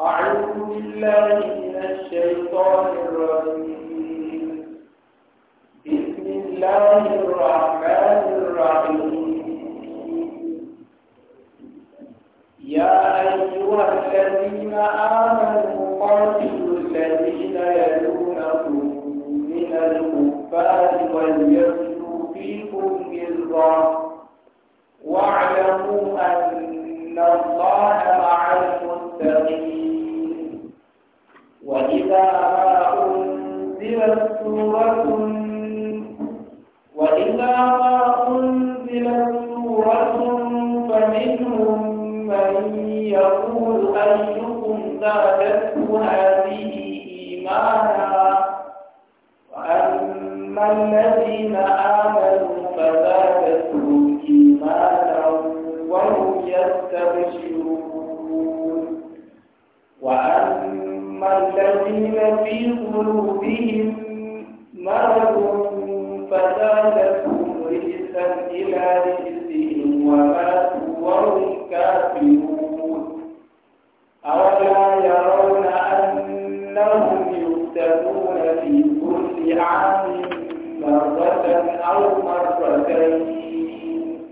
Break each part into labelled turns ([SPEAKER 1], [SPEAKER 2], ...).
[SPEAKER 1] أعوذ بالله من الشيطان الرجيم بسم الله الرحمن الرحيم يا أيها الذين آمنوا الذين من الكفار فيكم واعلموا أن الله مع المتقين وإذا أنزلت سورة وإذا أنزلت سورة فمنهم من يقول أيكم زادته هذه إيمانا وأما الذين آمنوا فزادتهم إيمانا وهم يستبشرون وأما أما الذين في قلوبهم مرض فزادتهم رجسا إلى رجسهم وماتوا وهم كافرون أولا يرون أنهم يفتنون في كل عام مرة أو مرتين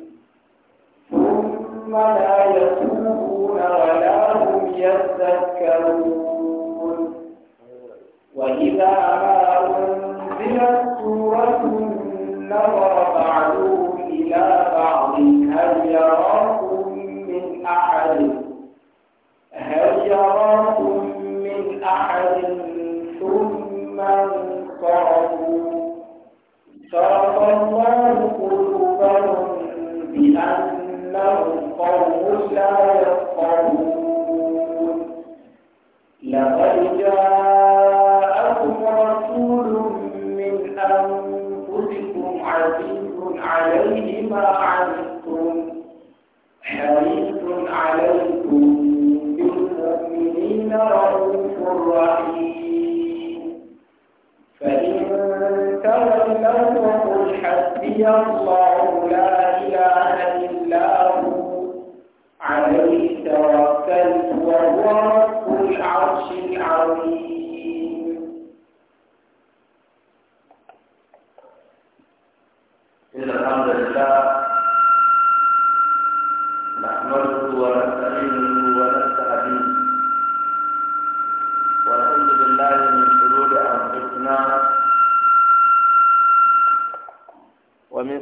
[SPEAKER 1] ثم لا يتوبون ولا هم يذكرون إذا أنزلت نظر بعضهم إلى بعض هل يراكم من أحد هل يراكم من أحد ثم الله قلوبهم بأنهم قوم لا يفقهون
[SPEAKER 2] لقد
[SPEAKER 1] ربي الله لا إله إلا هو عليه توكلت وهو رب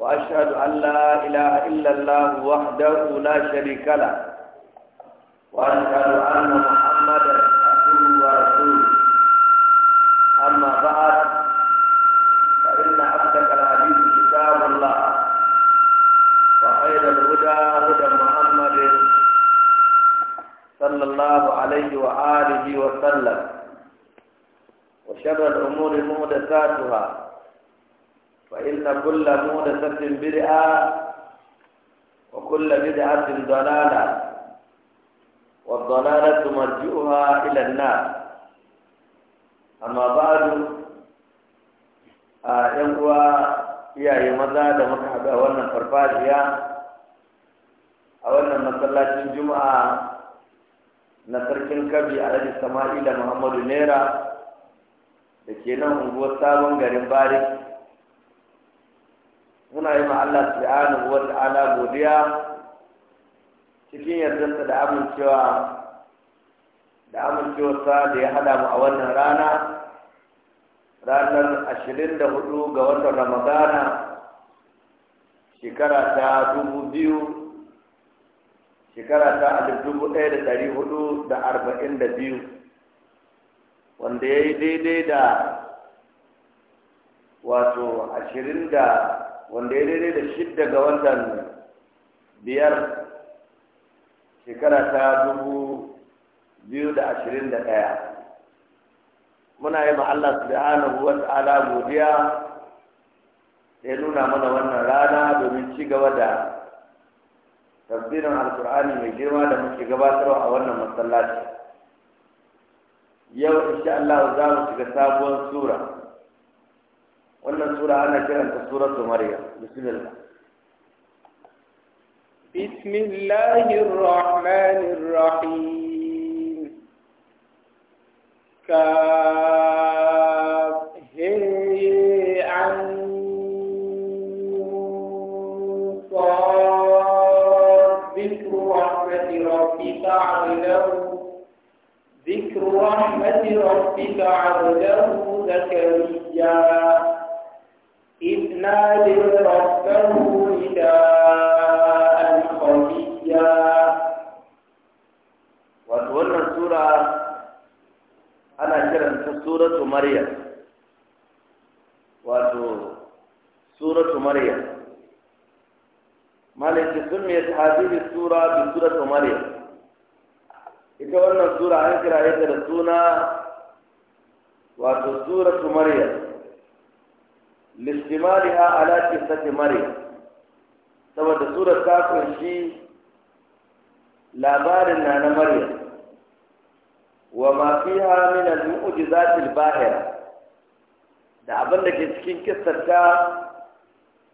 [SPEAKER 2] وأشهد أن لا إله إلا الله وحده لا شريك له وأشهد أن محمدا عبده ورسوله أما بعد فإن أصدق الحديث كتاب الله وخير الهدى هدى محمد صلى الله عليه وآله وسلم وشر الأمور مهدساتها فإن كل مودثة بدعة وكل بدعة ضلالة والضلالة مرجعها إلى النار أما بعد ‘yan uwa iyaye maza da muka haɗu a wannan farfajiya a wannan masallacin juma'a na sarkin kabi a rajin sama'ila muhammadu naira da nan unguwar sabon garin bari. muna yi ma Allah subhanahu wa ta'ala godiya cikin yardarsa da amincewa da amincewarsa da ya hada mu a wannan rana ranar ashirin da hudu ga watan ramadana shekara ta dubu biyu shekara ta alif dubu ɗaya da ɗari hudu da arba'in da biyu wanda ya yi daidai da wato ashirin da wanda ya daidai da shidda ga watan biyar shekara ta dubu biyu da ashirin da ɗaya muna yi ma Allah subhanahu wa ta'ala godiya ya nuna mana wannan rana domin ci gaba da tafsirin alkur'ani mai girma da muke gabatarwa a wannan masallaci yau insha Allah za mu shiga sabuwar sura wannan sura ana سورة suratu
[SPEAKER 1] بسم الله بسم الله الرحمن الرحيم كافه عن ذكر رحمة ربك عبده ذكر رحمة ربك عبده زكريا نادر ربه نداء
[SPEAKER 2] خفيا وتولى السورة أنا كرمت سورة مريم wato suratu maryam malaki sun mai hadhihi sura bi suratu maryam ita wannan sura an kira ta da suna wato suratu maryam listimaliha ala kisati maryam saboda surar ta kunshi labarin na na maryam wa ma fiha min al-mu'jizatil bahira da abin da ke cikin kissar ta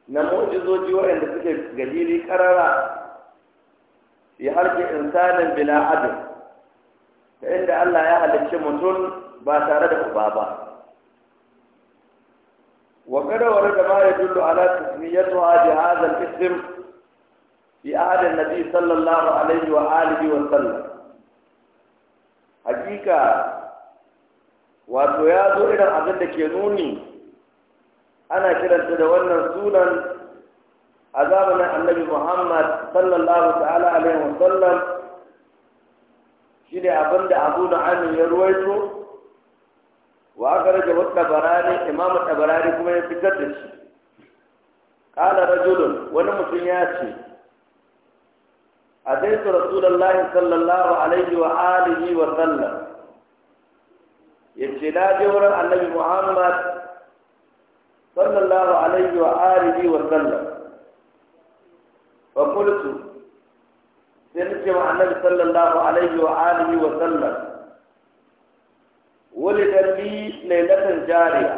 [SPEAKER 2] na mu'jizoji waɗanda suke galili karara fi harfi insanin bila adin ta inda Allah ya halicci mutum ba tare da uba ba وقد ورد ما يدل على تسميتها بهذا الاسم في عهد النبي صلى الله عليه وآله وسلم حقيقة wato ya zo irin abin da ke nuni ana kiranta da wannan sunan a zamanin annabi muhammad sallallahu ta'ala alaihi wasallam shi ya wa rage wa tabarani imam tabarani kuma ya fitar da shi qala rajulun wani mutum ya ce ataitu rasulullahi sallallahu alaihi wa alihi wa sallam yace na je wurin annabi muhammad sallallahu alaihi wa alihi wa sallam fa qultu sai nake wa annabi sallallahu alaihi wa alihi wa sallam wulida li lailatan jariya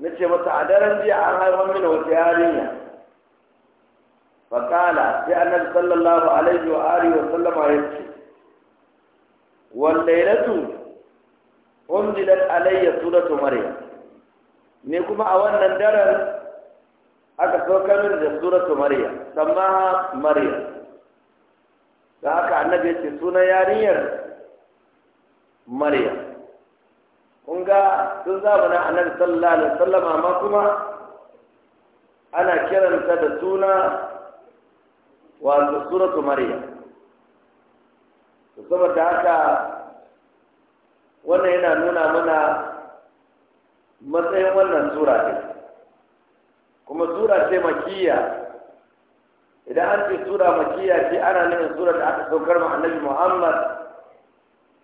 [SPEAKER 2] na ce masa a daren jiya an haifar mini wata yarinya faƙala sai annabi sallallahu alaihi wa alihi wa sallama ya ce lailatu unzilat alayya suratu maryam ne kuma a wannan daren aka saukar min da suratu maryam samaha maryam da haka annabi ya ce sunan yarinyar maryam kun ga sun a nan sallallahu alaihi wasallam amma kuma ana kiranta da suna wato suratu maryam saboda haka wannan yana nuna mana matsayin wannan sura ne kuma sura ce makiyya idan an ce sura makiyya ce ana nuna sura da aka saukar ma annabi muhammad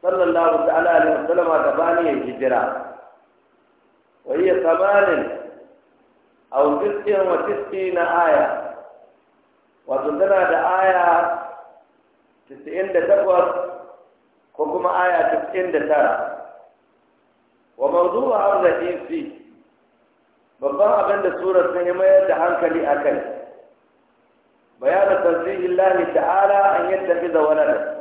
[SPEAKER 2] sallallahu ta'ala alaihi wasallama da bani ya hijira wa hiya samanin aw tis'in wa tis'ina aya wato tana da aya tis'in da takwas ko kuma aya tis'in da tara wa mawdu'u ar-rahisi babban abin da surar sun yi mayar da hankali a kai bayanin tanzihin lahi ta'ala an yadda fi da wani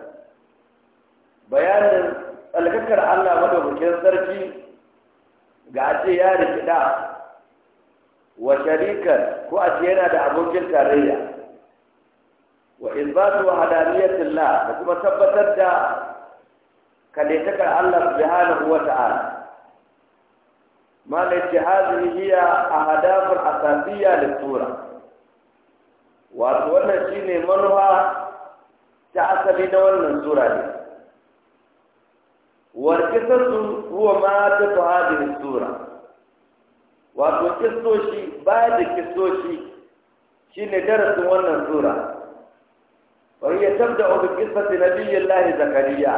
[SPEAKER 2] madaukakin sarki ga ce ya rikida wa sharikan ko a ce yana da abokin tarayya wa izbatu hadaniyatillah da kuma tabbatar da kalitakar Allah subhanahu wa ta'ala malai ce hazini hiya ahdaful asasiyya da sura wato wannan shine manufa ta asali na wannan sura ne والقصص هو ما تقع هذه sura. wato kistoshi baya da kistoshi shi ne darasin wannan sura wani ya tabda obi kisfati na lahi zakariya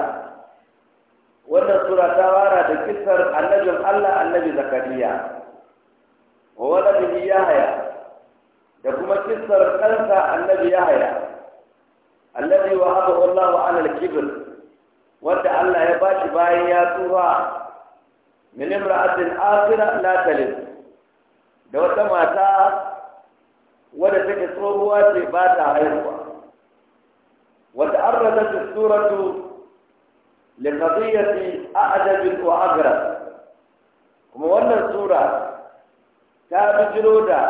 [SPEAKER 2] wannan sura ta fara da kisar annabin allah annabi zakariya wa wani bihi da kuma kisar ɗansa annabi yahaya annabi wa allahu ala al-kibir wanda Allah ya bashi bayan ya tsura min imra'atin akhira la da wata mata wadda take tsohuwa ce ba ta haihuwa wata arradat suratu li qadiyati a'jab wa agrab kuma wannan sura ta bijiro da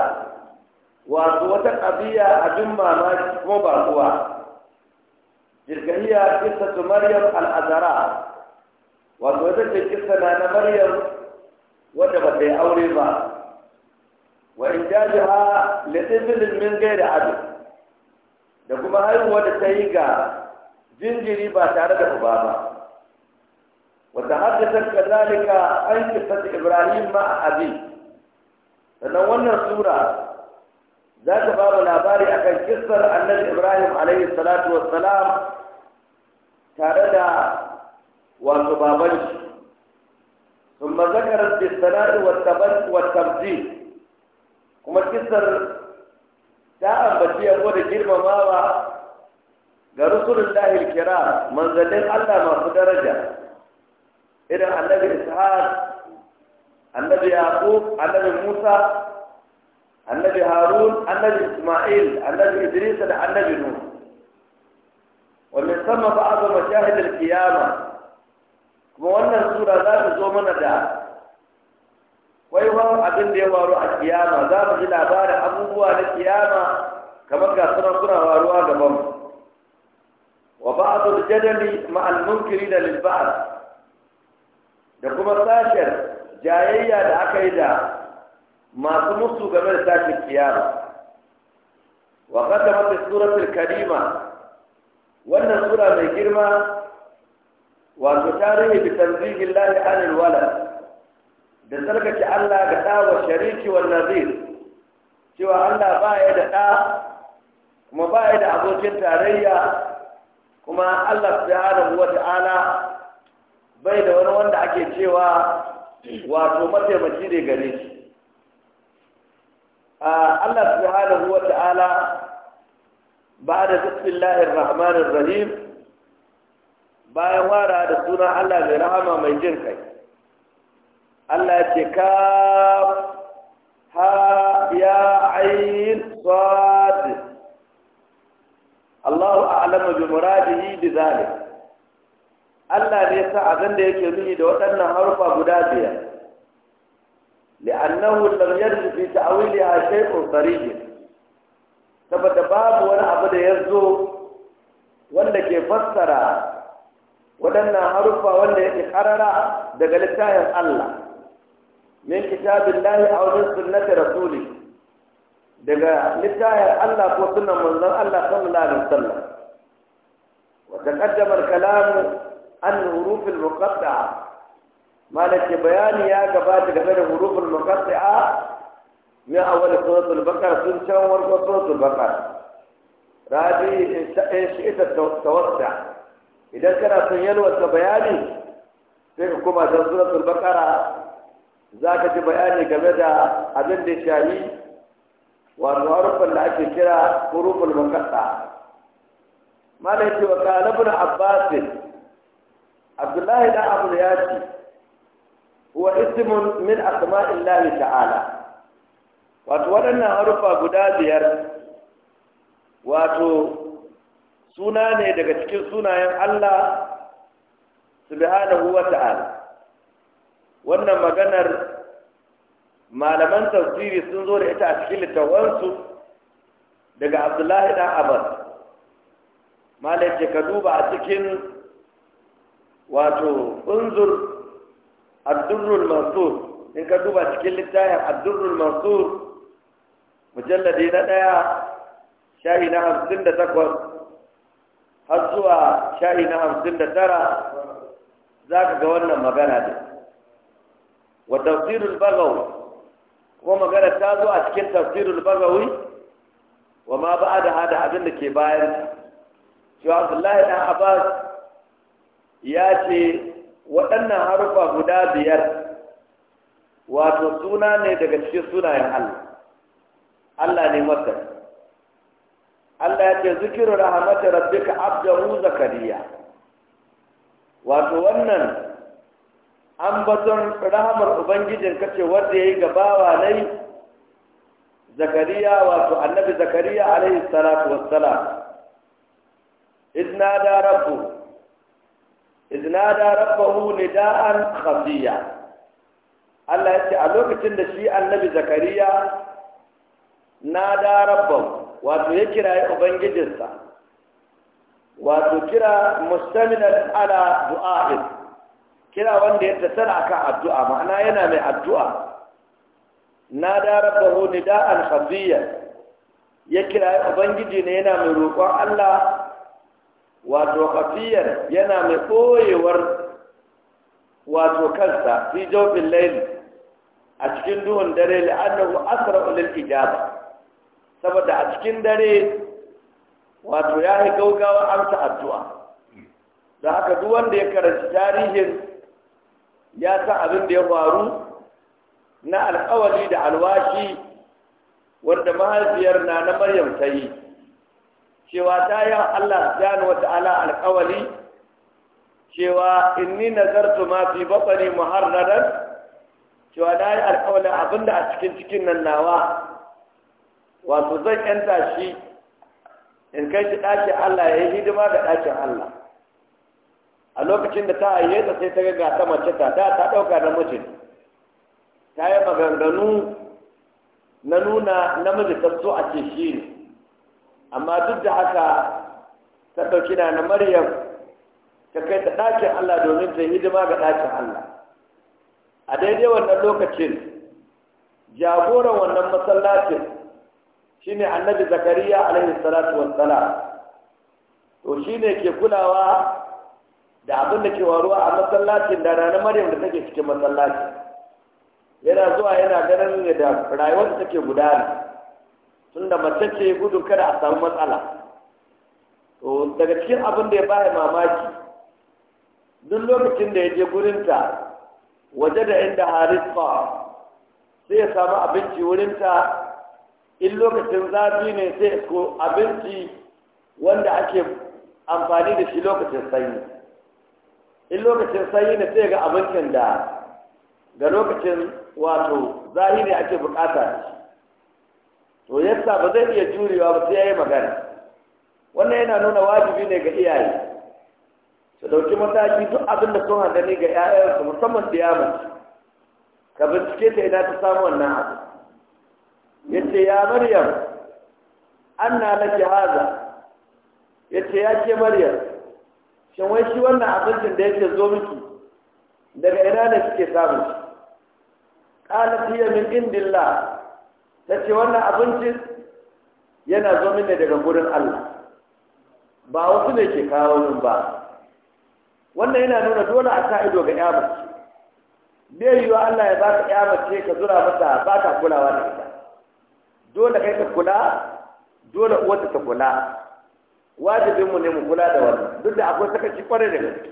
[SPEAKER 2] wato wata qadiya abin mamaki kuma ba kuwa jirgaliya kissa su maryam al'azara wato wata ce kissa na maryam wadda ba ta yi aure ba wa in jaji ha latifin min gai da adu da kuma haihuwa da ta yi ga jinjiri ba tare da uba ba wata haddasa kazalika an kissa ibrahim ma abi sannan wannan sura za ta ba mu labari akan kissar annabi ibrahim alaihi salatu wassalam tare da wato baban shi thumma zakara al-istira'i wa tabdil kuma kisar ta ambaci ya da girmamawa ga rusulullahi al-kiram manzalin Allah masu daraja irin annabi ishaq annabi yaqub annabi musa annabi harun annabi isma'il annabi idris da annabi nuh ومن ثم بعض مشاهد القيامة kuma wannan sura za ta zo mana da waiwar abinda ya waru a kiyama za mu ji labarin abubuwa na kiyama kamar ga ruwa suna waruwa gaban wa ba'dul jadali ma'al munkiri da lil da kuma sashen jayayya da aka yi da masu musu game da sashen kiyama wa qaddamat suratul karima wannan sura mai girma wato tarihi bi tanzihi lahi anil da tsarkake Allah ga ɗa wa shariki wa nazir cewa Allah ba ya da ɗa kuma ba ya da abokin tarayya kuma Allah subhanahu wa ta'ala bai da wani wanda ake cewa wato mataimaki ne gare shi ah, Allah subhanahu wa ta'ala بعد بسم الله الرحمن الرحيم bayan wara da suna Allah mai rahama mai jin kai Allah ce ka ha ya ayin sad Allahu a'lamu bi muradihi bi zalik Allah ne sa abin da yake nuni da waɗannan harufa guda biyar li'annahu lam yajid fi ta'wiliha shay'un sarih saboda babu wani abu da ya zo wanda ke fassara waɗannan haruffa wanda ya ƙarara daga littafin Allah min kitabin lahi a wajen sunnati rasuli daga littafin Allah ko sunan manzon Allah sallallahu alaihi wasallam wa taqaddama al an huruf al-muqatta'a bayani ya gabata game da huruf al من أول سورة البقرة سنة ورقة سورة البقرة رابي إن شئت التوسع إذا كان سيلو التبياني sai kuma ta suratul baqara zaka ji bayani game da abin da shahi wa harufan da ake kira huruful muqatta malai ce wa qala ibn abbas abdullahi da abu min asma'illahi ta'ala wato waɗannan harufa guda biyar wato suna ne daga cikin sunayen Allah subhanahu wa ta'ala wannan maganar malaman tafsiri sun zo da ita a cikin littawansu daga abdullahi ɗan abbas malai ce ka duba a cikin wato unzur abdurrul mansur in ka duba cikin littafin abdurrul mansur mujalladi na ɗaya sha'i na hamsin da takwas har zuwa sha'i na hamsin da tara za ka ga wannan magana ne wa tafsirul bagawi kuma magana ta zo a cikin tafsirul bagawi wa ma ba da hada abin da ke bayan cewa abdullahi ɗan abbas ya ce waɗannan harufa guda biyar wato suna ne daga cikin sunayen allah Allah ne masa Allah ya ce zikiru rahmatu rabbika abdahu zakariya wato wannan an ambaton rahamar ubangijin ce, wanda yayi gabawa nai zakariya wato annabi zakariya alaihi salatu wassalam idna da rabbu idna da rabbahu nida'an khafiya Allah ya ce a lokacin da shi annabi zakariya na da rabban wato ya kira ya ubangijinsa wato kira musamman ala du'a'in kira wanda ya a kan addu'a ma'ana yana mai addu'a na da rabbahu nida'an khafiyya ya kira ubangiji ne yana mai roƙon Allah wato khafiyyan yana mai ɓoyewar wato kansa fi jawfin layli a cikin duhun dare la'annahu asra'u lil ijaba saboda a cikin dare wato ya yi gaugawa amsa addu'a da haka duk wanda ya karanci tarihin ya san abin da ya faru na alkawali da alwashi wanda mahaifiyar na na maryam ta yi cewa ta yi allah subhanahu wa ta'ala alkawali cewa inni nazartu ma fi batsari muharraran cewa na yi abin abinda a cikin cikin nan nawa wato zan yanta shi in kai shi ɗakin Allah ya yi hidima da ɗakin Allah a lokacin da ta haye sai ta ga ta mace ta da ta ɗauka mijin. ta yi maganganu na nuna namiji ta so a ce shi ne amma duk da haka ta ɗauki na na maryam ta kai ta ɗakin Allah domin ta yi hidima ga ɗakin Allah a daidai wannan lokacin jagoran wannan masallacin shine annabi zakariya alaihi salatu wassalam to shine ke kulawa da abin da ke waruwa a masallacin da ranar maryam da take cikin masallaci yana zuwa yana ganin da rayuwar da take gudana tunda mace ce gudun kada a samu matsala to daga cikin abin da ya baya mamaki duk lokacin da ya je gurinta waje da inda harifa sai ya samu abinci wurinta in lokacin zafi ne sai ko abinci wanda ake amfani da shi lokacin sanyi in lokacin sanyi ne sai ga abincin da ga lokacin wato zafi ne ake bukata to yadda ba zai iya jurewa ba sai yayi magana wannan yana nuna wajibi ne ga iyaye su dauki mataki duk abin da sun gani ga 'ya'yansu musamman da yamma ka bincike ta ina ta samu wannan abu yace ya maryam anna laki hada yace ya ke maryam shin wai shi wannan abincin da yake zo miki daga ina ne kike samu shi qalat hiya min indillah tace wannan abincin yana zo mini daga gurin Allah ba wasu ne ke kawo min ba wannan yana nuna dole a sa ido ga ƴa mace bai yiwa Allah ya ba ka ƴa mace ka zura mata ba ka kulawa da dole kai ka kula dole uwarta ta kula wajibinmu ne mu kula da wani. duk da akwai sakaci kwarai da gaske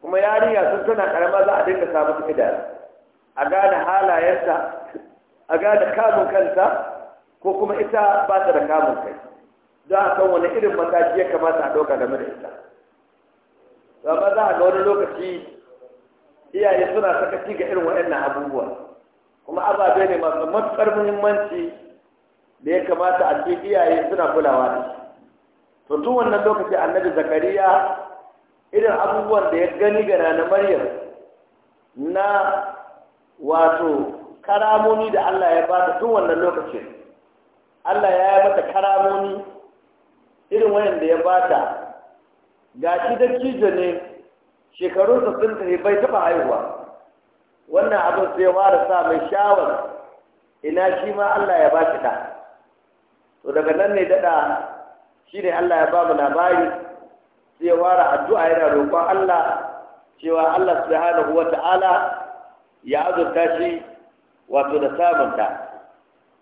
[SPEAKER 2] kuma yarinya sun tana karama za a dinga samu ta idan a gane halayensa, a gane kamun kansa, ko kuma ita ba ta da kamun kai za a san wani irin mataki ya kamata a ɗauka game da ita amma za a ga wani lokaci iyaye suna sakaci ga irin waɗannan abubuwa kuma ababe ne masu matuƙar muhimmanci da ya kamata a ce iyaye suna kulawa da shi to tun wannan lokaci annabi zakariya irin abubuwan da ya gani ga na maryam na wato karamoni da Allah ya bata tun wannan lokacin Allah ya yi mata karamomi irin wayanda ya bata ga shi da kijo ne shekarunsa sun tafi bai taɓa haihuwa wannan abin sai fara sa mai shawar ina shi ma Allah ya ba shi da to daga nan ne daɗa shi ne Allah ya ba mu labari sai fara addu'a yana roƙon Allah cewa Allah subhanahu ta'ala ya azurta shi wato da samunta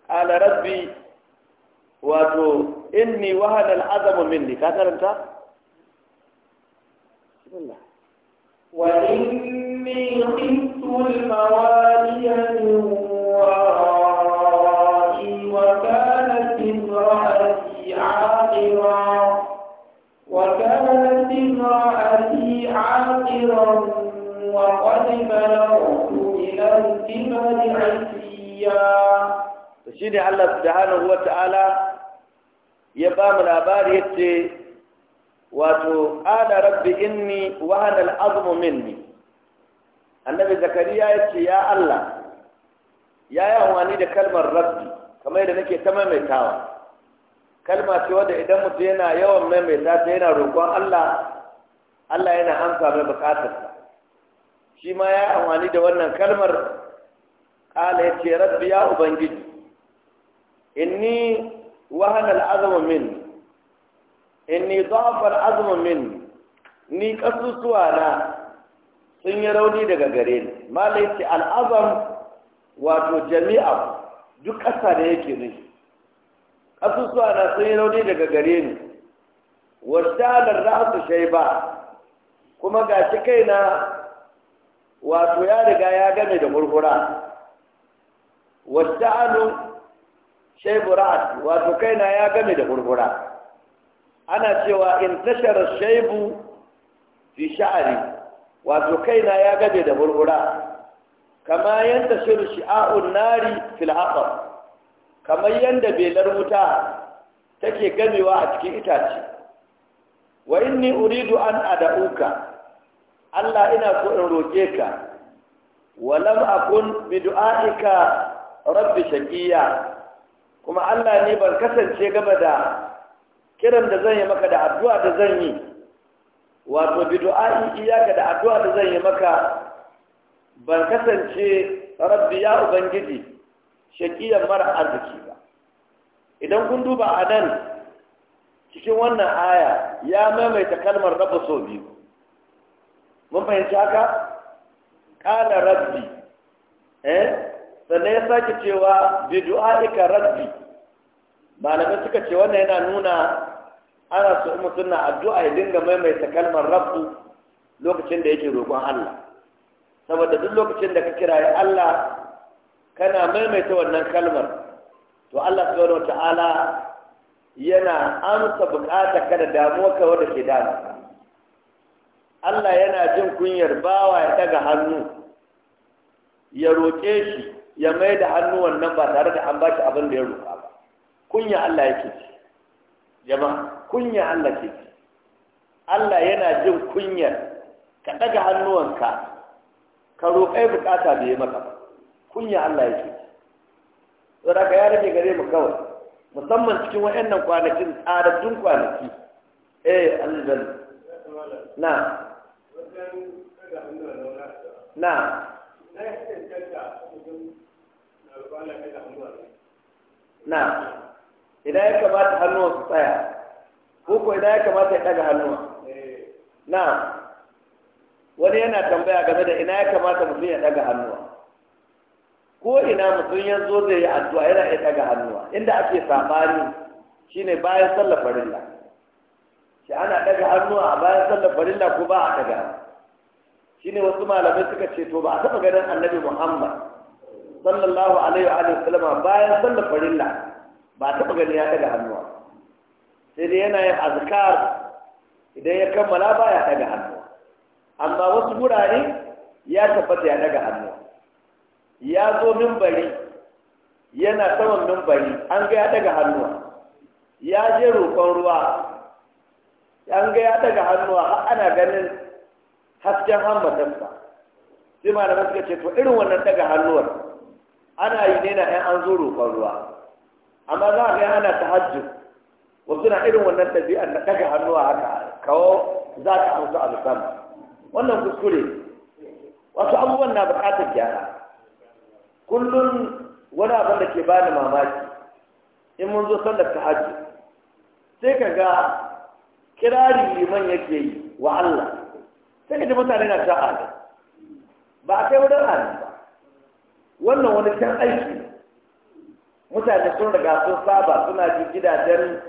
[SPEAKER 2] ala rabbi wato inni wahana al'azamu minni ka karanta
[SPEAKER 1] wa inni الموالي من ورائي وكانت امرأتي عاقرا وكانت امرأتي عاقرا وقد بلغت إلى الكبر
[SPEAKER 2] عتيا شيني الله سبحانه وتعالى ya ba mu labari yace wato ana rabbi inni wahana al'azmu minni annabi zakariya ya ce ya allah ya yi amfani da kalmar rabbi kamar yadda nake ta maimaitawa kalma ce wadda idan mutum yana yawan maimaita ta yana roƙon allah allah yana amsa mai buƙatar. shi ma ya yi amfani da wannan kalmar ƙala ya ce rabbi ya ubangiji inni wahana al'azama min inni zafar azama min ni ƙasusuwa na sun yi rauni daga gare ni malai ce al'azam wato jami'a duk ƙasa da yake nufi ƙasusuwa na sun yi rauni daga gare ni wasalar ra'asu shai ba kuma ga shi kaina wato ya riga ya gane da murmura wasa'alu shai bura'at wato kaina ya gane da murmura ana cewa in tashar shaibu fi sha'ari wato kaina ya gaje da burbura kama yanda shiru shi'a'un nari fil aqab kamar yadda belar wuta take gamewa a cikin itace wa inni uridu an ad'uka Allah ina so in roke ka wa lam akun bi du'aika rabbi shaqiya kuma Allah ne ban kasance gaba da kiran da zan yi maka da addu'a da zan yi wato bi iyaka da addu'a da zan yi maka ban kasance rabbi ya ubangiji shakiyar mara arziki ba idan kun duba a nan cikin wannan aya ya maimaita kalmar rabu sau biyu mun fahimci haka ƙala rabbi eh sannan ya sake cewa bi rabbi malamai suka ce wannan yana nuna ana so in mutum addu'a ya dinga maimaita kalmar rabu lokacin da yake roƙon Allah saboda duk lokacin da ka kira ya Allah kana maimaita wannan kalmar to Allah subhanahu wata'ala yana amsa bukata kada damuwa ka wanda ke dama Allah yana jin kunyar bawa ya daga hannu ya roƙe shi ya mai da hannu wannan ba tare da an shi abin da ya roƙa ba kunya Allah yake jama'a kunya Allah ce Allah yana jin kunyar ka daga hannuwanka ka roƙai bukata da ya maka kunya Allah ya ce saboda ka ya rage gare mu kawai musamman cikin wa'annan kwanakin tsadaddun kwanaki eh Allah na na na idan ya kamata hannuwa su tsaya ko ko idan ya kamata ya daga hannuwa na wani yana tambaya game da ina ya kamata mutum ya daga hannuwa ko ina mutum ya zo zai yi addu'a yana iya daga hannuwa inda ake sabani shine bayan sallar farilla shi ana daga hannuwa a bayan sallar farilla ko ba a daga shine wasu malamai suka ce to ba a taba ganin annabi muhammad sallallahu alaihi wa sallam bayan sallar farilla ba a taba ganin ya daga hannuwa sai dai yana yin azkar idan ya kammala baya daga hannu amma wasu wurare ya tabbata ya daga hannu ya zo mimbari yana saman mimbari an ga ya daga hannu ya je roƙon ruwa an ga ya daga hannu ana ganin hasken hammatarsa sai malamai suka ce to irin wannan daga hannuwar ana yi ne na 'yan an zo roƙon ruwa amma za a ga ana tahajjud wasu na irin wannan ɗabi'ar na ɗaga hannu a haka kawo za ka amsa a wannan kuskure wasu abubuwan na buƙatar gyara kullum wani abin da ke ba da mamaki in mun zo sallar ta hajji sai ka ga kirari liman yake yi wa Allah sai ka ji mutane na sha ba a kai wurin ada ba wannan wani can aiki mutane sun riga sun saba suna ji gidajen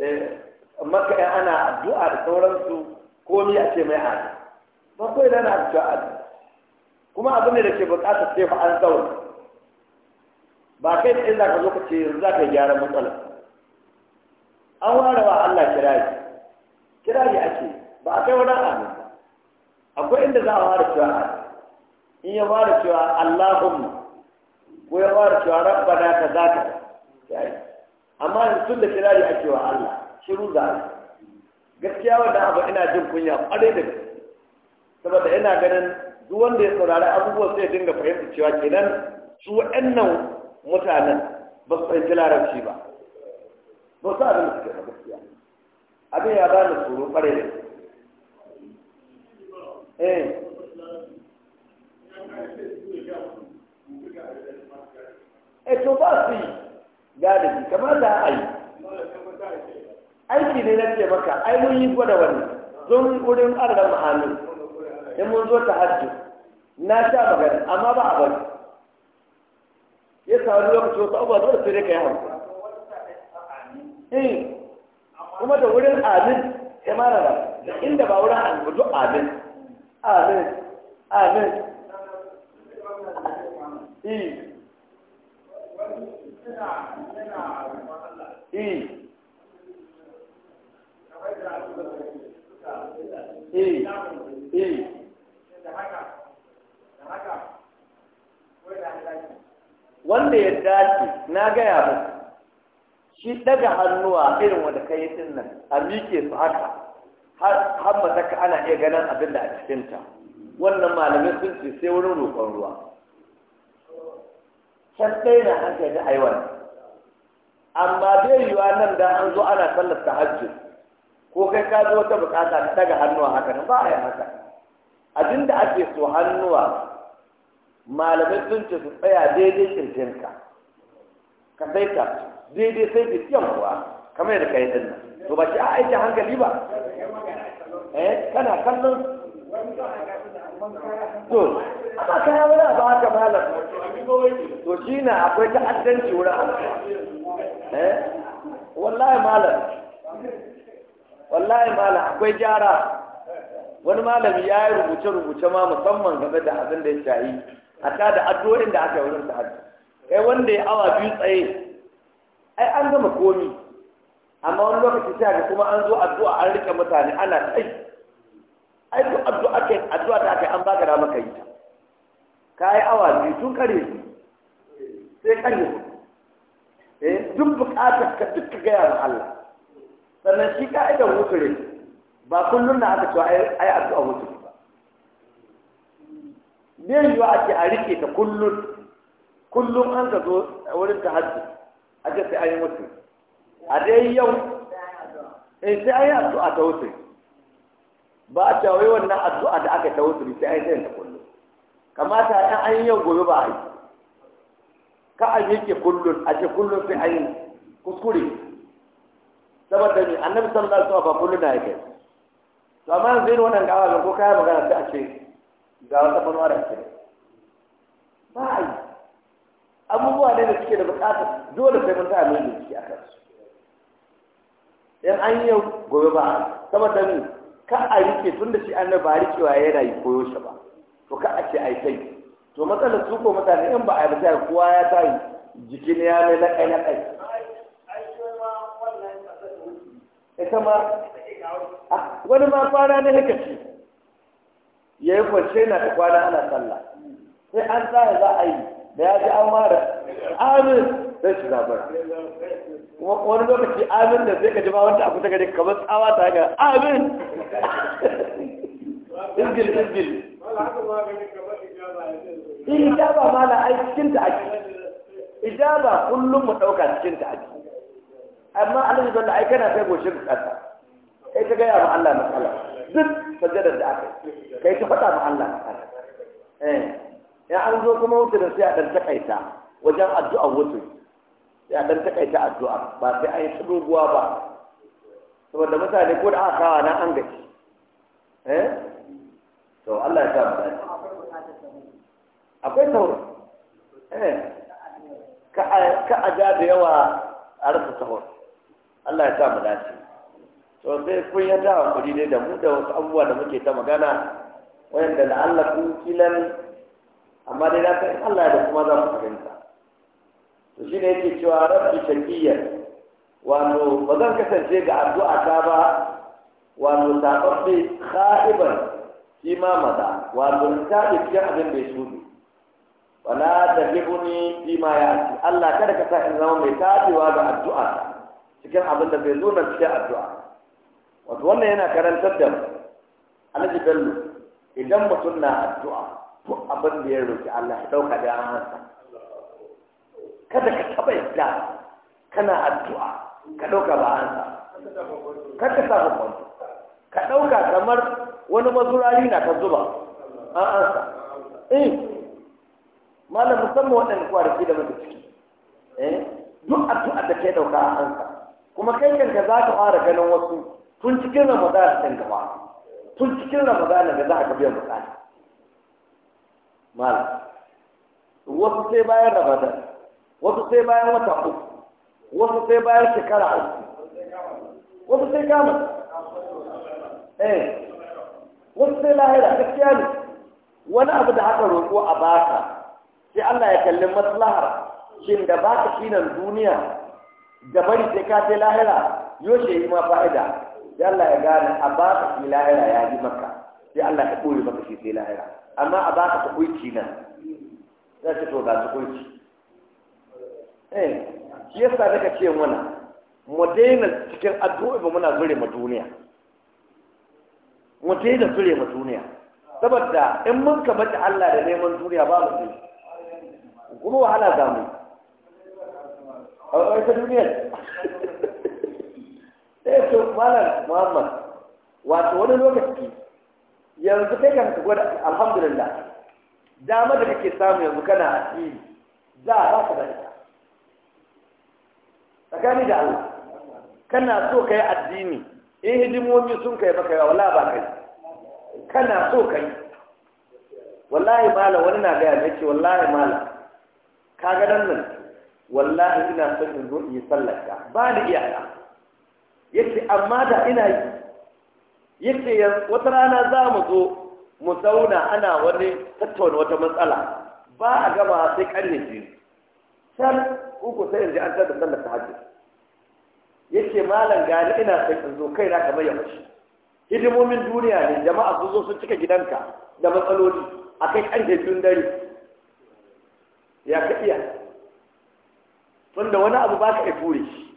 [SPEAKER 2] Eh, maka ya ana addu'a da sauransu ni a ce mai hali ba ko idan ana addu'a kuma abu ne da ke bukatar sai fa an zauna ba kai ne inda ka zo ka ce yanzu za ka gyara matsalar an ware wa Allah kirari kirari ake ba a kai wani abu akwai inda za a ware cewa in ya ware cewa Allahumma ko ya ware cewa rabbana kaza kaza sai amma tun da kirari ake wa Allah shiru za a gaskiya wanda abu ina jin kunya kwarai da gaske saboda ina ganin duk wanda ya saurari abubuwa sai dinga fahimta cewa kenan su wa'annan mutanen ba su fahimci larabci ba ba su abin da suke da gaskiya abin ya bani tsoro kwarai da eh eh to ba su yi galibi kamar da a yi aiki ne na ce maka ai mun yi gwada wani zon wurin arda ma'amin in mun zo ta hajji na sha magana amma ba a bari ya sa wani lokaci wasu abuwa zuwa sai dai ka yi hau eh kuma da wurin amin ya mara ba da inda ba wurin amin ba amin amin amin eh. wanda ya dace na gaya ba, shi daga hannuwa irin wanda ka yi din nan a miƙe su haka har ba ta ka ana iya ganin abin da a cikinta wannan malamin sun ce sai wurin roƙon ruwa can ɗaya na an kai ai wannan amma bai yiwa nan da an zo ana sallar tahajjud ko kai ka zo wata bukata ta daga hannuwa haka nan ba a yi haka abinda ake so hannuwa malamai sun ce su tsaya daidai kirjinka ka sai ka daidai sai ka fiye kuwa kamar yadda ka yi dinnan to ba shi a aiki hankali ba
[SPEAKER 1] eh kana kallon to amma kaya wani abu haka malam to
[SPEAKER 2] shi na akwai ta'addanci wurin abu
[SPEAKER 1] eh wallahi malam
[SPEAKER 2] wallahi malam akwai gyara wani malami ya yi rubuce-rubuce ma musamman game da abin da ya shayi a ta da addu'o'in da aka yi wurin sa'adu kai wanda ya awa biyu tsaye ai an gama komi amma wani lokaci sai ga kuma an zo addu'a an rike mutane ana kai ai duk addu'a ta addu'a da kai an baka da maka yi ta ka yi awa biyu tun kare su sai kare su eh duk bukatar ka duk ka gaya ma Allah sannan shi ka'idar wutare ba kullum na aka cewa ai addu'a wutare ba bai yiwa a ce a rike ta kullum kullum an ka zo wurin ta hajji a ce sai an yi wutare a dai yau eh sai an yi addu'a ta wutare ba a cewa wannan addu'a da aka ta wutare sai an yi ta kullum kamata ɗan an yi yau gobe ba a yi ka a yake kullum a ce kullum sai an yi kuskure saboda ne annabi sallallahu alaihi wasallam ba kullum na yake to amma zai ne wannan gawa ko kaya magana sai a ce ga wata fanuwa da ke ba a yi abubuwa ne da suke da bukatar dole sai mun tsaya mai bincike a su in an yi yau gobe ba saboda ni ka a rike tun da shi annabi ba rikewa yana yi koyo shi ba to ka a ce ai sai, to matsalar su ko mutane in ba a yi kowa ya tayi yi jikin ya mai na kai na kai ita ma wani ma kwana ne haka ce ya yi kwance na kwana ana sallah sai an tsaya za a yi da ya ji an mara amin zai shi zabar kuma wani lokaci amin da zai ka ji ba wanda abu ta gari kamar tsawa ta ga amin ingil ingil
[SPEAKER 1] in ijaba ma na ai cikin ta ake
[SPEAKER 2] ijaba kullum mu ɗauka cikin ta ake amma Allah ya zalla ai kana kai goshin ƙasa kai ta gaya ma Allah matsala duk sajadar da aka kai ta faɗa ma Allah matsala eh ya an zo kuma wutar sai a ɗan takaita wajen addu'a wutar sai a ɗan takaita addu'a ba sai an yi shigowa ba saboda mutane ko da aka kawa na an gaci eh to Allah ya sa mu dace akwai tauro eh ka ka aja da yawa a rasa tauro Allah ya sa mu dace to sai kun ta hakuri ne da mu da wasu abubuwa da muke ta magana wayanda allah kun kilan amma dai da kai Allah da kuma za mu fahimta to shine yake cewa rabbi shakiyyan wato ba zan kasance ga addu'a ta ba wato sababbi kha'iban shi ma maza wato ta da fiye abin da ya ne wala ta gibuni fi ma ya ci Allah kada ka sa in zama mai tafiwa ga addu'a cikin abin da bai zo cikin addu'a wato wannan yana karantar da Alhaji Bello idan mutum na addu'a to abin da ya roki Allah ya dauka da hansa kada ka taba yadda kana addu'a ka dauka ba hannunsa
[SPEAKER 1] kada ka sa
[SPEAKER 2] ka dauka kamar wani mazurari na ta zuba an ansa eh malam musamman waɗanda kuwa da muka ciki eh duk addu'ar da ke dauka an sa kuma kai kanka za ka fara ganin wasu tun cikin ramadan can gaba tun cikin ramadan da za ka biyan mutane. malam wasu sai bayan ramadan wasu sai bayan wata uku wasu sai bayan shekara uku wasu sai
[SPEAKER 1] kama eh
[SPEAKER 2] wasu sai lahira gaskiya ne wani abu da haka roƙo a baka sai Allah ya kalli maslahar shin da baka shi nan duniya da bari sai ka sai lahira yoshe yi ma fa'ida sai Allah ya gane a baka shi lahira ya yi maka sai Allah ya kore maka shi sai lahira amma a baka tukuici nan za ce to ga tukuici eh shi yasa daga ce mana mu daina cikin addu'a ba muna zure ma duniya mu yi da sure ma duniya saboda in mun ka ta Allah da neman duniya ba mu kuma wahala za mu a wata duniyar ɗaya eh, to malam Muhammad wato wani lokaci yanzu kai kan ka da, alhamdulillah dama da kake samu yanzu kana addini za a baka da ita tsakani da Allah kana so ka yi addini in hidimomi sun kai baka yawa wala ba kai kana so kai wallahi mala wani na gaya mai ce wallahi mala ka ga nan nan wallahi ina son in zo in yi sallar ka ba ni iyaka yace amma da ina yi yace wata rana za mu zo mu zauna ana wani tattauna wata matsala ba a gama sai karne biyu can uku sai in ji an tada sallar hajji. yake malam gani ina sai zo kai na kamar ya hidimomin duniya ne jama'a sun zo sun cika gidanka da matsaloli a kai karfe tun dare ya ka iya tunda wani abu ba ka ifure shi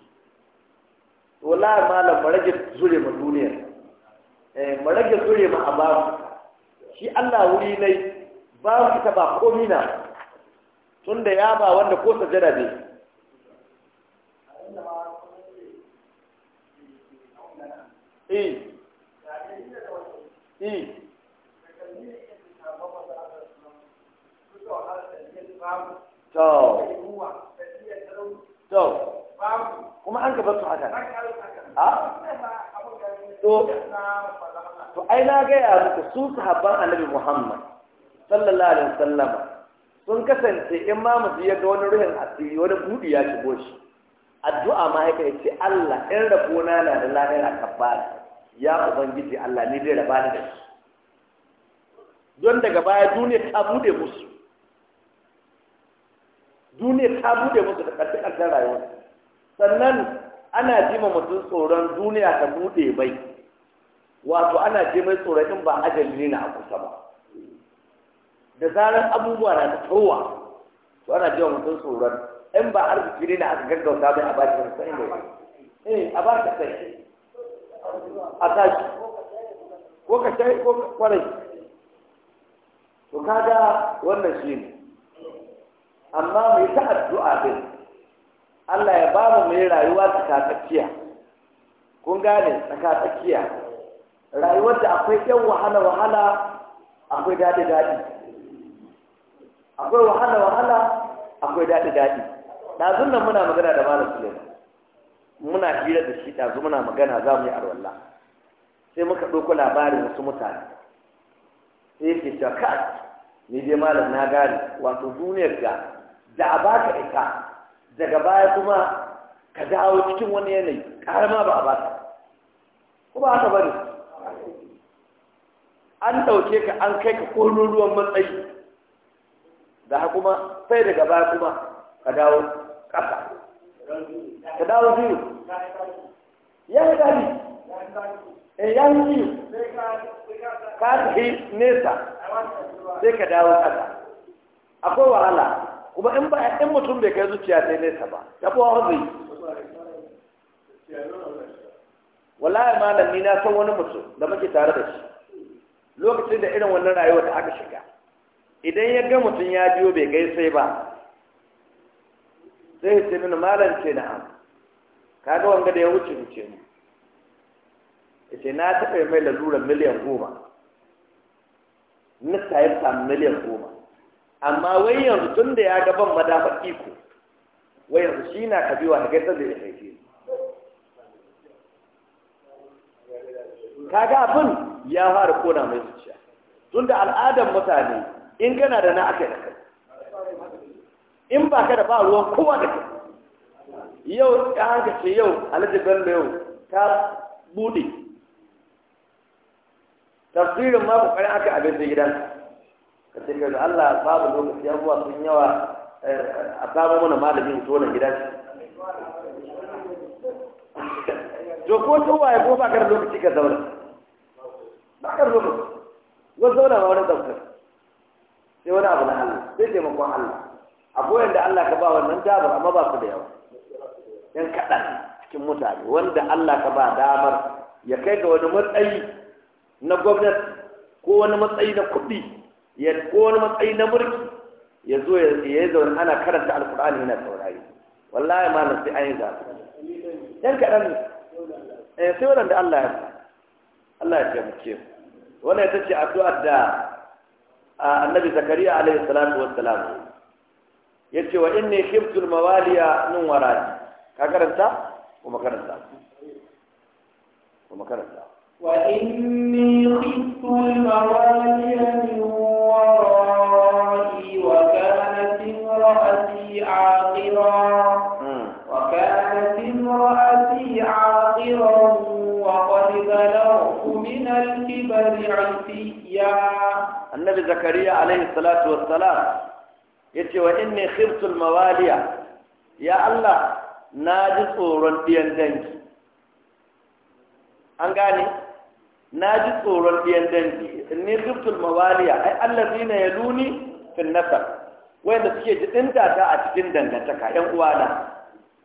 [SPEAKER 2] wallahi malam marage rage zure ma duniya eh, marage rage zure ma ababu shi Allah wuri nai babu ita ba komai na tunda ya ba wanda ko sajada ne
[SPEAKER 1] eh eh to kuma an gaba su haka a to to ai na gaya muku su sahabban
[SPEAKER 2] annabi muhammad sallallahu alaihi wasallam sun kasance in ma mu ya ga wani ruhin asiri wani budi ya shigo shi addu'a ma ya ce Allah in rabona na da lahira kabbara ya ubangiji Allah ne zai raba ni da shi don daga baya duniya ta bude musu duniya ta bude musu da ƙarfi ƙarfin rayuwa sannan ana ji ma mutum tsoron duniya ta bude mai wato ana ji mai tsoron in ba ajali ne na a kusa ba da zarar abubuwa na ta towa to ana ji ma mutum tsoron in ba arziki ne na aka gaggauta bai a shi sai ne eh a baki sai a tashi ko ka shayi ko ka kwarai to kaga wannan shi ne amma mai ta addu'a din Allah ya ba mu mai rayuwa tsakatsakiya kun gane tsakatsakiya rayuwar da akwai yan wahala wahala akwai daɗi daɗi akwai wahala wahala akwai daɗi daɗi ɗazun nan muna magana da malam Suleiman muna hira da shi ɗazu muna magana za mu yi arwalla sai muka ɗauko labarin wasu mutane sai yake cewa kai ni dai malam na gane wato duniyar ga da a baka ita daga baya kuma ka dawo cikin wani yanayi ƙara ma ba a baka ko ba haka bane an ɗauke ka an kai ka kono ruwan matsayi da kuma sai daga baya kuma ka dawo
[SPEAKER 1] ka dawo biyu ya yi dari e eh, ya yi biyu ka yi nesa sai ka dawo kasa
[SPEAKER 2] akwai wahala kuma in ba in mutum bai kai zuciya sai nesa ba tabuwa wanzu wallahi malami na san wani mutum da muke tare da shi lokacin da irin wannan rayuwar da aka shiga idan ya ga mutum ya biyo bai gaisai ba sai ce mini malam ce na ka kaga wanga da ya wuce wuce mu ya ce na taɓa mai lalurar miliyan goma na sayar samu miliyan goma amma wai yanzu tun da ya gaban madafa iko wai yanzu shi na ka biwa ka gaisar da ya haife kaga abin ya fara kona mai zuciya tun da al'adar mutane in gana da na aka yi da in ba ka da ba ruwan kowa da ke yau ta hanka ce yau alhaji bello yau ta bude tafsirin ma kokarin aka abin da gidan ka ce ga Allah babu lokaci abuwa sun yawa eh, a samu mana malamin tonan gidan
[SPEAKER 1] to ko to waye ko ba ka
[SPEAKER 2] da lokaci ka zauna ba ka da lokaci ko zauna ba wani zauna sai wani abu na Allah sai taimakon Allah akwai wanda Allah ka ba wannan damar amma ba su da yawa yan kaɗan cikin mutane wanda Allah ka ba damar ya kai ga wani matsayi na gwamnati ko wani matsayi na kuɗi ko wani matsayi na mulki ya zo ya yi zaune ana karanta alkur'ani yana saurari wallahi malam sai an yi zaɓe yan kaɗan ne eh sai wanda Allah ya Allah ya taimake mu wannan ita ce addu'ar da annabi zakariya alaihi salatu wassalam yace wa inni khiftul mawaliya nun warani ka karanta ko makaranta ko makaranta
[SPEAKER 1] wa inni khiftul mawaliya min warani wa kanat imraati aqira wa kanat imraati aqira wa qad balagtu min al-kibri 'atiyya
[SPEAKER 2] annabi zakariya alayhi salatu wassalam yace wa inni khiftu mawaliya ya Allah na ji tsoron ɗiyan dangi an gane na ji tsoron ɗiyan dangi inni khiftu mawaliya ai allazina yaluni fil nasab wanda suke ji ta a cikin dangantaka ƴan uwana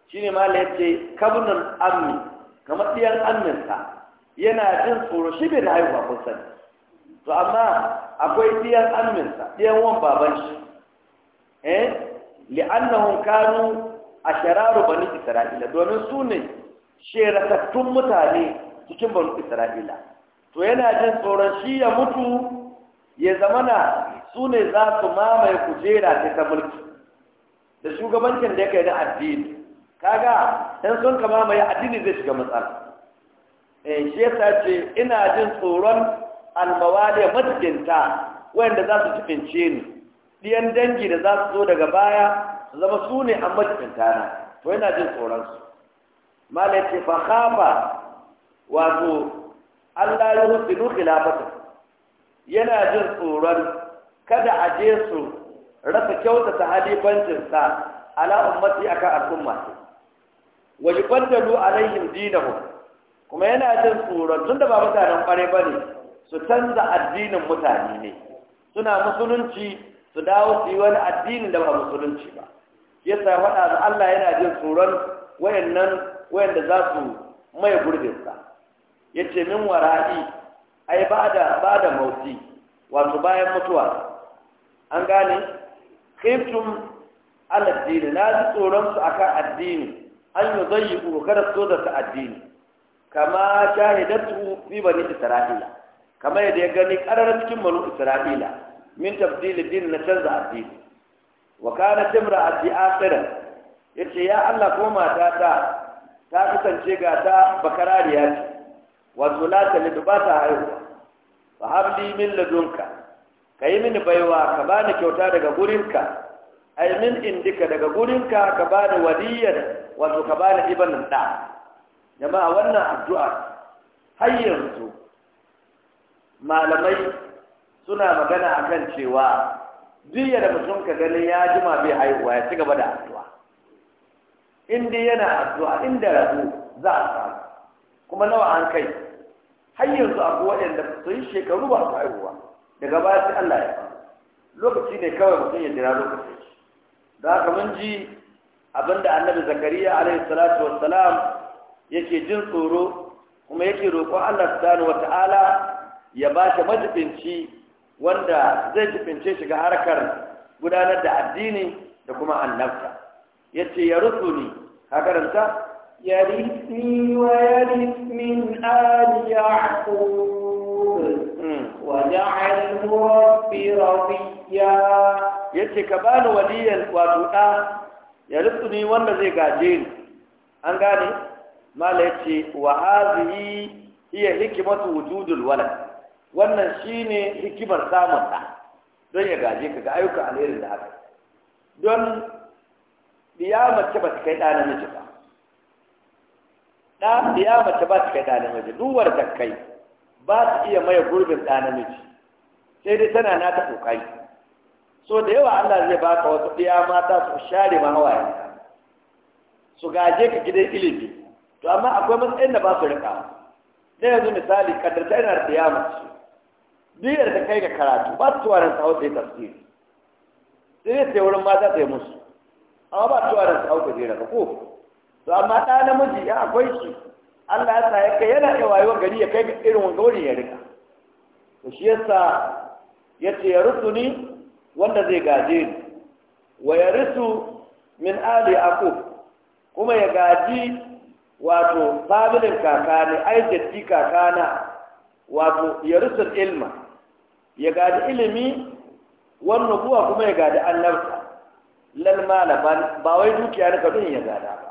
[SPEAKER 2] shine la yace kabnul ammi kamar ɗiyan amminsa yana jin tsoro shi bai da haihuwa kun sani to amma akwai ɗiyan amminsa ɗiyan wan baban shi eh li'annahum kanu ashararu bani isra'ila domin su ne sheratattun mutane cikin bani isra'ila to yana jin tsoron shi ya mutu ya zamana su ne za su mamaye kujera ta mulki da shugabancin da ya kai na addini kaga ɗan sun ka mamaye addini zai shiga matsala eh shi ce ina jin tsoron almawali matsajinta wanda za su cikince ni ɗiyan dangi da za su zo daga baya su zama su ne an tana to yana jin tsoronsu malai ce fa wato allah ya lafata yana jin tsoron kada a je su rasa kyautata halifancinsa ala ummati kan al'umma wajibaddalu alaihim dinahum kuma yana jin tsoron tunda ba mutanen kware bane su canza addinin mutane ne suna musulunci su dawo su yi wani addini da ba musulunci ba yasa faɗa da Allah yana jin tsoron wayannan wayanda za su mai gurbin sa yace min wara'i ai ba ba bada mauti wato bayan mutuwa an gane khiftum ala na ji tsoron su akan addini an yi zayyiku kada so da ta addini kama shahidatu fi bani isra'ila kama yadda ya gani ƙarar cikin bani isra'ila min tabdil din na canza addini wa kana timra addi akhira yace ya Allah ko mata ta ta kasance ga ta bakarariya ce wato la ta lidbata haihuwa fa habli min ladunka kai mini baiwa ka bani kyauta daga gurinka ai min indika daga gurinka ka bani waliyan wato ka bani ibn da jama'a wannan addu'a har yanzu malamai suna magana a kan cewa biyu da mutum ka ganin ya jima bai haihuwa ya ci gaba da addu'a in dai yana addu'a inda rabu za a samu kuma nawa an kai har yanzu akwai waɗanda sun yi shekaru ba su haihuwa daga baya sai Allah ya faru lokaci ne kawai mutum ya jira lokaci. da haka mun ji abinda annabi zakariya alaihi salatu wassalam yake jin tsoro kuma yake roƙon Allah subhanahu wata'ala ya ba shi majibinci wanda zai jibince shiga harkar gudanar da addini da kuma annabta yace ya rusuli ni hakaranta
[SPEAKER 1] ya risni wa ya min ali
[SPEAKER 2] wajen hmm. wa ja'al rabbi Ya yace ka bani waliyan wato da ya ni wanda zai gaje ni an gane mala yace wa hadhihi iya hikimatu wujudul walad wannan shine hikimar samun ɗa don ya gaje ka ga ayyukan alherin da haka don diya mace ba ta kai ɗa miji ba ɗa diya mace ba ta kai ɗa miji duwar da kai ba su iya maye gurbin ɗa miji sai dai tana na ta kokari so da yawa Allah zai baka wasu diya mata su share ma hawaye su gaje ka gidan ilimi to amma akwai matsayin da ba su rika ɗaya yanzu misali kaddarta yana da diya mace diyar da kai ga karatu ba su da sahau ta yi tafsiri sai ya sai wurin mata ta yi musu amma ba da sahau ka jera ka ko to amma ɗa namiji ya akwai shi Allah ya sa ya kai yana iya wayewar gari ya kai irin wanga wani ya rika to shi yasa ya ce ya rusu ni wanda zai gaje ni wa ya rusu min ali aku kuma ya gaji wato familin kakana ai jaddi kakana wato ya ilma ya gadi ilimi wannan kuwa kuma ya gadi annabta lalmala ba wai dukiya ne kadun ya gada ba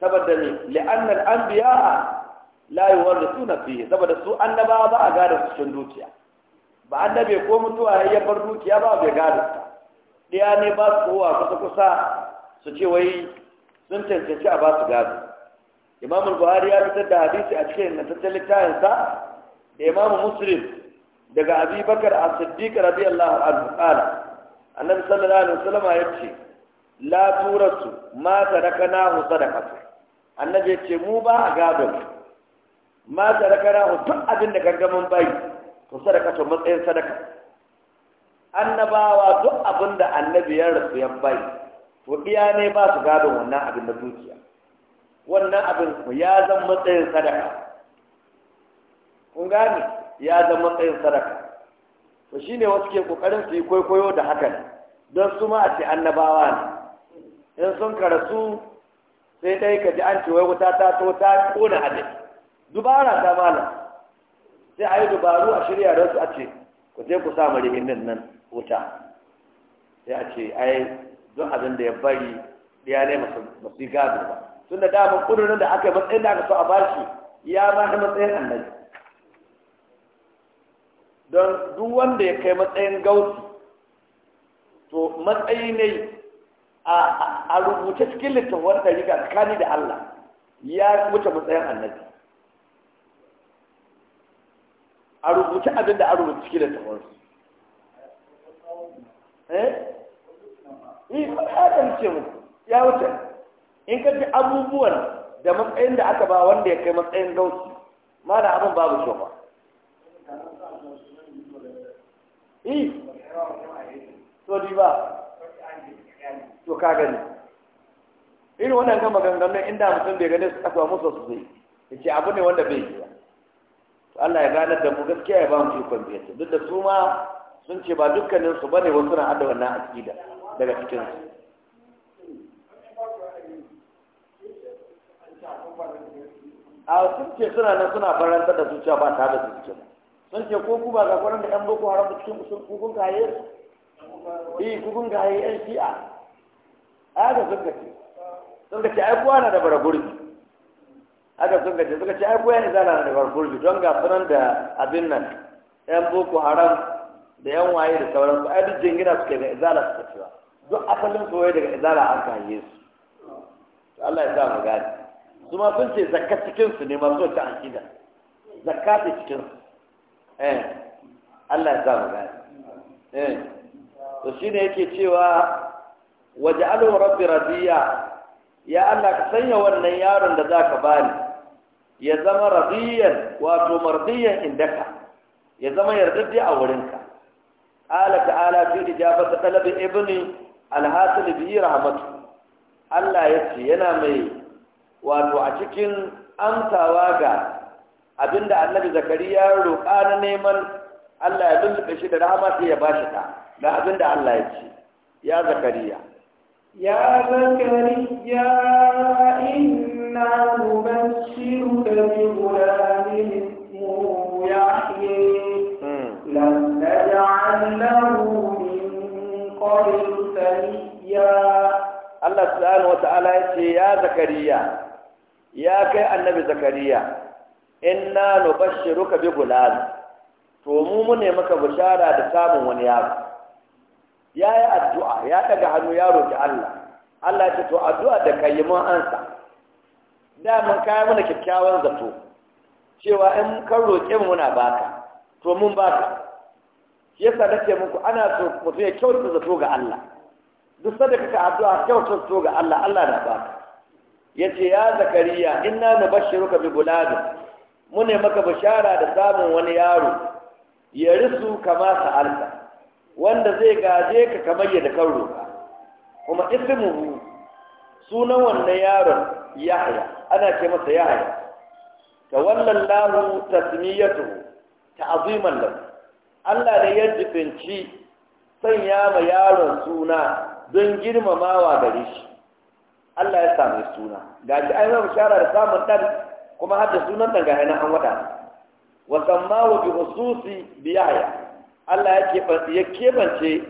[SPEAKER 2] saboda ne li'anna anbiya la na fihi saboda su annaba ba a gada su cikin dukiya ba annabe ko mutuwa ya bar dukiya ba bai gada daya ne ba su kowa kusa kusa su ce wai sun cancanci a ba su gado imamul buhari ya fitar da hadisi a cikin na tattalin da imamu muslim daga abi bakar a rabi Allah al qala annabi sallallahu alaihi wasallam ya ce la turatu ma tarakana sadaqatu annabi ya ce mu ba a gadon ma tarakana duk abin da gangamin bai to to matsayin sadaka annabawa duk abin da annabi ya rasu ya bai to iya ne ba su gadon wannan abin na dukiya wannan abin ya zan matsayin sadaka kun gane ya zama matsayin sadaka to ne wasu ke kokarin su yi kwaikwayo da hakan don su ma a ce annabawa ne in sun karasu sai dai ka ji an ce wai wuta ta to ta kona hadin dubara ta mala sai a yi dubaru a shirya don su a ce ku je ku sa marihin nan wuta sai a ce ai don abin da ya bari ya ne masu gado ba tun da damar kudurin da aka yi matsayin da aka so a bashi ya ma matsayin annabi don duk wanda ya kai matsayin Gauti, to matsayi ne a rubuce cikin littafin riga tsakani da Allah ya wuce matsayin annabi a rubuce abin da a rubuce cikin littafin eh? ya ce mu ya wuce in ka ji abubuwan da matsayin da aka ba wanda ya kai matsayin Gauti ma da abin babu shofa eh ba to ka gani irin wannan kan maganganun inda mutum bai gane su kasuwa musu su zai ya ce abu ne wanda bai yi to Allah ya gane da mu gaskiya ya ba mu ikon biyar duk da su ma sun ce ba dukkanin su bane wasu na haɗa wannan aqida daga cikin su
[SPEAKER 1] a sun ce suna nan suna
[SPEAKER 2] faranta da zuciya ba tare da su cikin sun ce ko ku ba ga kwanan da ɗan boko haram cikin kukun kaye yi eh, kukun kaye yan shi'a aka sun gace sun gace ai kuwa na da bara A, aka sun gace suka ce ai kuwa ne zana da bara don ga sunan da abin nan ɗan boko haram da yan waye da sauransu ai duk jingina suke da izala suka cewa duk asalin soyayya daga izala an kaye su Allah ya sa mu gane su ma sun ce zakka cikin su ne masu wata akida zakka ta cikin su eh Allah ya zama gani eh to shine yake cewa waj'alu rabbi radiyya ya Allah ka sanya wannan yaron da za ka bani ya zama radiyan wato mardiyan indaka ya zama yardaddi a wurinka ala ta'ala fi ta talabi ibni alhasil bi rahmatu Allah ya ce yana mai wato a cikin amsawa ga abinda annabi zakariya ya roƙa na neman Allah ya lulluɓe shi da rahama sai ya bashi ta da abinda Allah ya ce ya zakariya
[SPEAKER 1] ya zakariya inna mubashiruka bi ghulamin ismuhu yahya hmm. lam naj'al lahu min qabl samiyya Allah subhanahu wa ta'ala ya ce ya zakariya
[SPEAKER 2] ya kai annabi zakariya inna nubashshiruka bi gulal to mu mu ne maka bishara da samun wani yaro ya yi addu'a ya daga hannu ya ki Allah Allah ce to addu'a da kai mun ansa da mun kai mana kyakkyawan zato cewa in kan roke muna baka to mun baka yasa nake muku ana so mutum ya kyautar zato ga Allah duk sadaka ka addu'a kyautar zato ga Allah Allah na baka yace ya zakariya inna nubashshiruka bi gulal mune maka bishara da samun wani yaro ya risu kama sa'alta wanda zai gaje ka kamar yadda kan roƙa kuma ismuhu sunan wannan yaron yahya ana ce masa yahya ta wannan lahu tasmiyatu ta'ziman lahu Allah da ya jibinci sanya ma yaron suna don girmamawa gare shi Allah ya samu suna gashi ai ma bishara da samun dan kuma har da sunan daga hana an wada wa sammahu bi hususi bi yahya Allah ya keɓance ya keɓance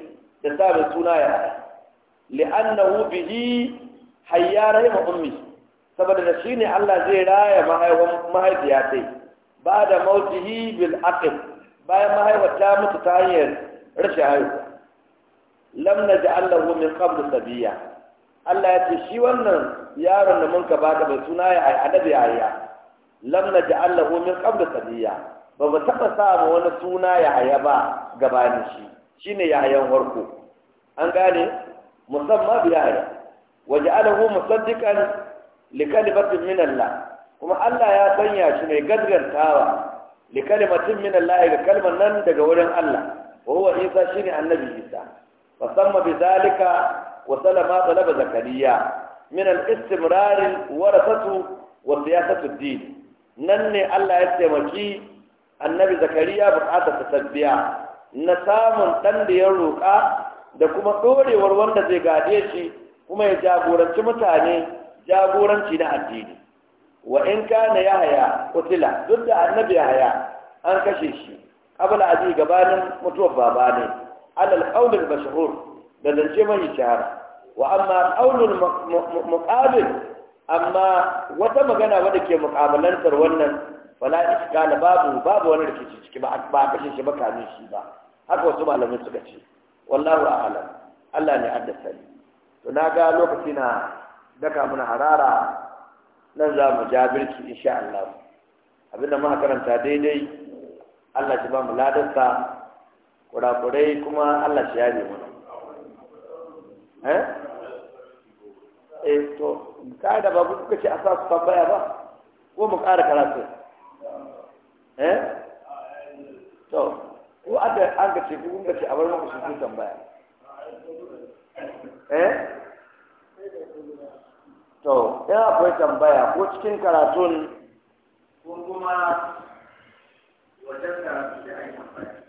[SPEAKER 2] da sa mai suna ya li'annahu bihi hayya rahima ummi saboda da shine Allah zai raya mahaifin mahaifiya tai ba da mautihi bil aqib bayan mahaifa ta mutu ta hanyar rashin haihuwa lam naj'al lahu min qabl sabiya Allah ya ce shi wannan yaron da mun ka baka bai suna ya adabi yaya lam naj'al lahu min qabl sabiya ba mu taba sa wani suna Yahaya ba gabanin shi shine Yahayan farko an gane musamma bi Yahaya waj'alahu musaddiqan li kalimatin min Allah kuma Allah ya sanya shi mai gadgantawa li kalimatin min Allah ga kalman nan daga wurin Allah wa huwa Isa shine annabi Isa fa samma bi zalika wa salama talaba zakariya min al-istimrar warasatu wa siyasatu ad-din nan ne Allah ya taimaki annabi zakariya bukatar ta tabbiya na samun ɗan da ya roƙa da kuma ɗorewar wanda zai gade shi kuma ya jagoranci mutane jagoranci na addini wa in kana ya haya kutila duk da annabi ya haya an kashe shi abla aji gabanin mutuwar baba ne alal qaulul mashhur da zance mai shahara wa amma qaulul mukabil amma wata magana wadda ke mukamalantar wannan fala iskala babu babu wani rikici ciki ba ba kashe shi ba kamin shi ba haka wasu malamai suka ce wallahu a'lam Allah ne haddasa ni to na ga lokaci na daka mana harara nan za mu ja birki insha Allah abinda muka karanta daidai Allah shi ba mu ladarsa kurakurai kuma Allah shi yaje mana eh eh to kada babu suka ce a sa su tambaya ba ko mu ƙara karatu eh to ko ada an ga ce kun ga ce a bar mu su tambaya eh to in akwai tambaya ko cikin karatun
[SPEAKER 1] ko kuma wajen karatu da ai tambaya